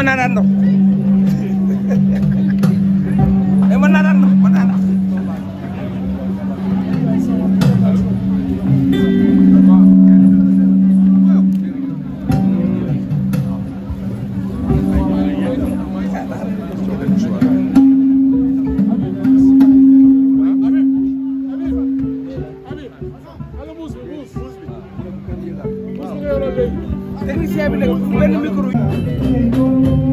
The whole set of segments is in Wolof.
mën naa daan ndox mais mën naa daan ndox mën naa daan technicien bi nag benn micro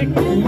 Thank you.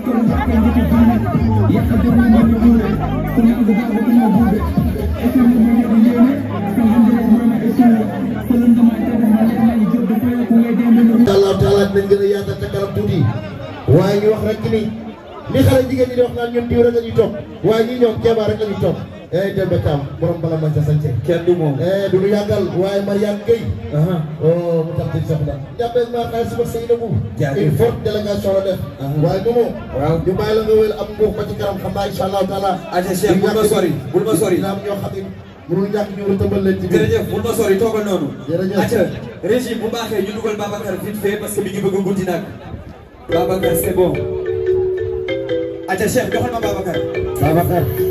allah taala dinañ gën a yaatal ca kanam tuuti waaye ñu wax rek ni li xale jigéen ñi di wax naan ñun diw rek a ñuy topp waaye ñi ñoom ceeba rek la ñuy topp eh Demba Thiam borom bala man sa kenn du moom eh du waaye Mariam Gueye oh mu tax di soxla jàppee ma xay suma sëy na mu une forte délégation la def waaye du moom waaw nga wéel am nguur ba ci kanam xam naa incha taala aja Cheikh bul ma sori bul ma sori naam noonu jërëjëf aca régie bu baaxee ñu dugal Babacar vite fait parce que mi ngi bëgg a guddi nag Babacar c'est bon aca Cheikh joxal ma Babacar